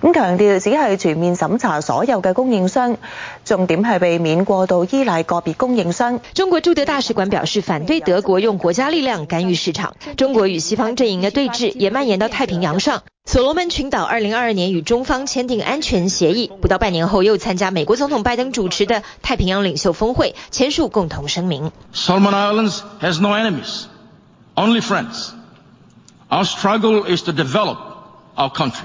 咁強調只係全面審查所有嘅供應商，重點係避免過度依賴個別供應商。中國駐德大使館表示反對德國用國家力量干預市場。中國與西方陣營嘅對峙也蔓延到太平洋上。所羅門群島二零二二年與中方簽訂安全協議，不到半年後又參加美國總統拜登主持的太平洋領袖峰會，簽署共同聲明。Solomon Islands has no enemies, only friends. Our struggle is to develop our country.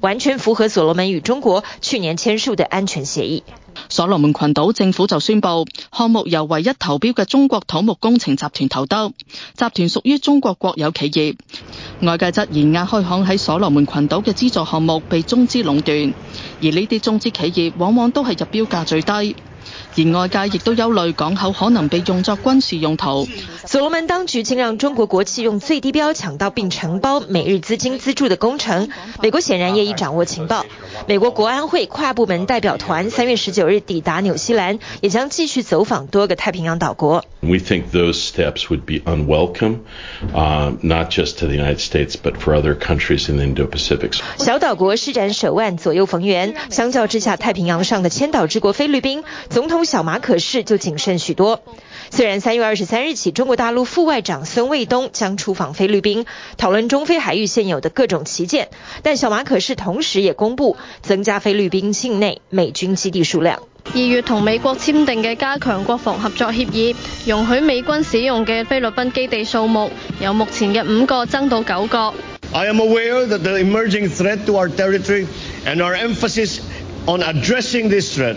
完全符合所羅門與中國去年簽署的安全協議。所羅門群島政府就宣布，項目由唯一投標的中國土木工程集團投得，集團屬於中國國有企業。外界質疑亞開行喺所羅門群島嘅資助項目被中資壟斷，而呢啲中資企業往往都係入標價最低。而外界亦都憂慮港口可能被用作軍事用途。所羅門當局竟讓中國國企用最低標搶到並承包美日資金資助的工程，美國顯然也已掌握情報，美國國安會跨部門代表團三月十九日抵達紐西蘭，也將繼續走訪多個太平洋島國。We think those steps would be unwelcome, not just to the United States, but for other countries in the Indo-Pacific. 小島國施展手腕左右逢源，相較之下，太平洋上的千島之國菲律賓總通小馬可仕就謹慎許多。雖然三月二十三日起，中國大陸副外長孫衛東將出訪菲律賓，討論中菲海域現有的各種旗艦，但小馬可仕同時也公布增加菲律賓境內美軍基地數量。二月同美國簽訂嘅加強國防合作協議，容許美軍使用嘅菲律賓基地數目由目前嘅五個增到九個。I am aware that the emerging threat to our territory and our emphasis on addressing this threat.